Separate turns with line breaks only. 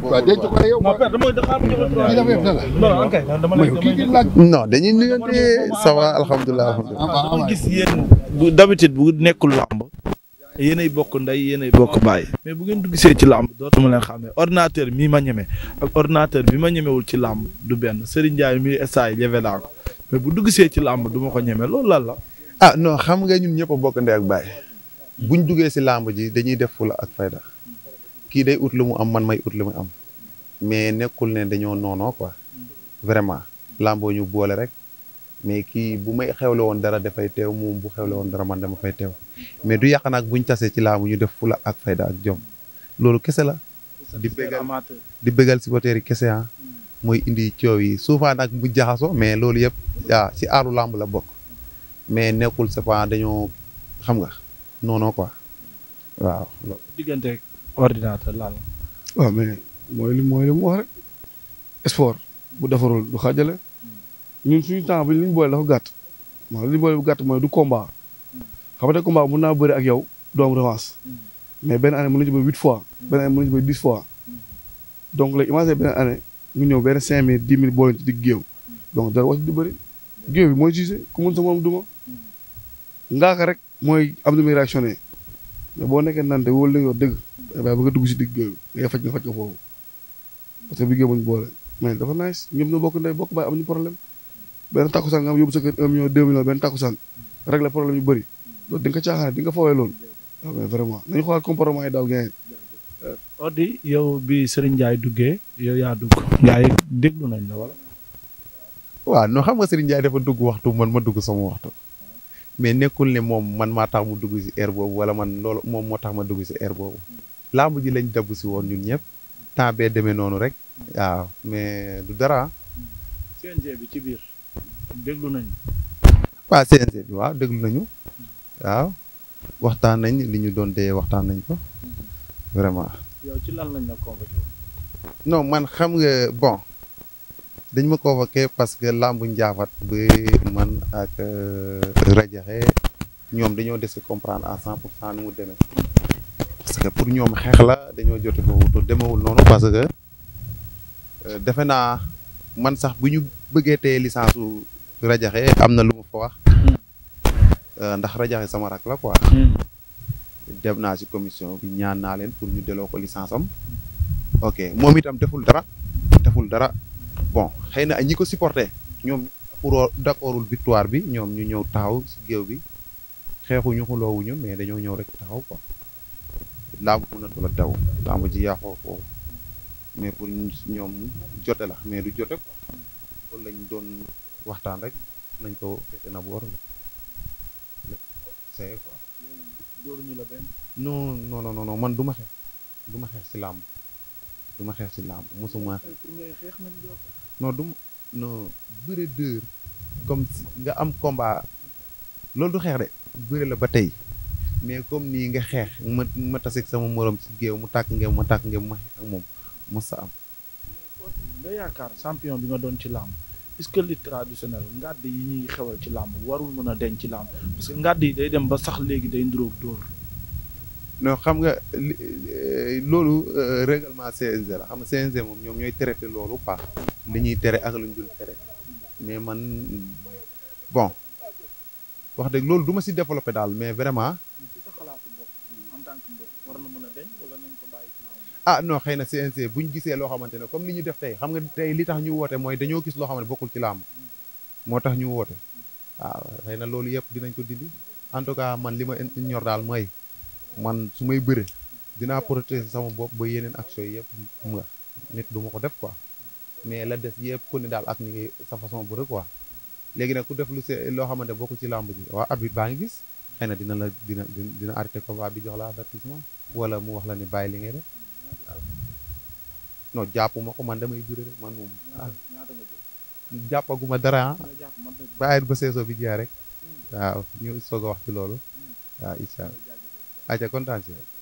waaw denc ko
dañuy nuyante ça va alhamdulilah ah,
gis yéen
bu d'habitude bu nekkul làmb.
yéenay bokk ndey yéenay bokk baay. mais bu ngeen gisee ci làmb dootuma leen xàmmee ordinateur mii ma ñeme ak ordinateur bi ma ñemewul ci làmb du benn Serigne njaay mii SAE ñeme mais
bu duggsee ci làmb du ma ko ñeme loolu lan ah non xam nga ñun ñëpp bokk ndey ak baay buñ duggee si làmb ji dañuy def fula ak fayda. kii day ut lu mu am man may ut lu mu am mais nekkul ne dañoo noonoo quoi vraiment làmboo ñu boole rek mais kii bu may xewle woon dara dafay teew moom bu xewle woon dara man dama fay teew mais du yàq nag buñ tasee ci laamu ñu def fula ak fayda ak jom loolu kese la. di bégal di bégal supporters yi kese ah. mm. mooy indi coow yi souvent nag mu jaxaso mais loolu yëpp waaw ah, si aaru làmb la bokk mais nekkul c'est pas dañoo xam nga non non ordinateur lan waaw mais
mooy li mooy li mu wax rek sport bu defarul du xaajale ñun suñu temps bi li ñu boole dafa gàtt maanaam li ñu boole mooy du combat xam nga combat mun naa bëri ak yow doom revanche mais benn année mën nañu ci bëri huit fois benn année mën nañu ci bëri dix fois donc léegi mu ñëw benn cinq mille di mille boole ci géew donc dara wàcc du bëri géew bi mooy gisé ku mun sa moom duma ngaaka rek mooy am na muy réactionné mais boo nekkee nante wóolu la yow ba nga dugg si digg géew bi faj nga faj ko foofu parce que bi géew boole mais dafa nice ñoom ñoo bokk ndey bokk baay amuñu problème benn takkusaan nga am yóbbu sa kër un million deux millions benn takkusaan rek la problème yu bëri loolu di nga ko di nga foowee loolu waaw ah, mais vraiment nañu xoolaat comportement yi daal euh, yow bi Serigne Ndiaye duggee yow yaa dugg gars yi nañ la wala
waaw non xam nga Serigne Ndiaye dafa dugg waxtu man ma dugg sama waxtu mais nekkul ne moom man maa mu dugg si air boobu wala man loolu moom moo tax ma dugg si air boobu làmb ji lañ dabb si woon ñun ñëpp temps bee demee noonu rek waaw mais du dara.
CNG bi ci biir déglu nañu.
waaw CNG bi waaw déglu nañu waaw waxtaan nañ li ñu doon dee waxtaan nañ ko vraiment.
yow ci lan lañ la convoqué
non man xam nga bon dañ ma convoqué parce que làmbu njaafat bi man ak euh, rajaxe ñoom dañoo def si comprendre à cent pour cent ni mu deme parce que pour ñoom xeex la dañoo jote boobu te demewul noonu parce que euh, defe naa man sax bu ñu bëggee teye licence u rajaxe am na lu mu fa wax hmm. euh, ndax rajaxe sama rak la quoi hmm. dem naa ci commission bi ñaan naa leen pour ñu delloo ko licence am ok moom itam deful dara deful dara bon xëy na ñi ko supporté ñoom pour d'accordul victoire bi ñoom ñu ñëw taxaw ci géew bi xeexuñu xuloowuñu mais dañoo ñëw rek taxaw quoi làmb mënatul a daw làmb ji yàqoo foofu mais pour ñoom jote la mais du jote quoi loolu lañ doon waxtaan rek nañ ko fete na boor la saye quoi
dóoruñu la benn
man du ma ma xeex si làmb du ma xeex si làmb mosuma nga am combat loolu du xeex de bëre la ba tey mais comme nii nga xeex ma ma taseeg sama morom si géew mu tàkk ngeen ma tàkk ngeen ma xeex ak moom mos sa am.
nga yaakaar champion bi nga doon ci làmb est que li traditionnel ngàdd yi ñuy xewal ci làmb warul mën a denc ci làmb parce que ngàdd yi day dem ba sax léegi day nduróog dóor.
non xam nga euh, loolu euh, règlement CNG la xam nga CNG moom ñoom ñooy traité loolu quoi li ñuy tere ak lu ñu dul tere mais man bon wax dëgg loolu du ma si développé daal mais vraiment ah no xëy na CNG buñ gisee loo xamante ne comme li ñu def tey xam nga tey li tax ñu woote mooy dañoo gis loo xam bokkul ci làmb moo tax ñu woote waaw ah, xëy na loolu yëpp dinañ ko dindi en tout cas man li ma ñor daal mooy man su may bëre dinaa protéger sama bopp ba yeneen action yëpp mu nga nit du ko def quoi mais la des yëpp ku ne daal ak ni ngay sa façon bëre quoi léegi nag ku def lu loo xamante ne bokkul ci làmb ji waa arbitre baa ngi gis xëy dina la dina dina arrêté combat bi jox la avertissement wala mu wax la ne bàyyi li ngay def non jàpp ko man damay bëri rek man moom. jàppaguma dara ah. ba saison bi jeex rek. Hmm. waaw ñu soog a wax ci loolu. Hmm. waaw incha allah. aja kontaan si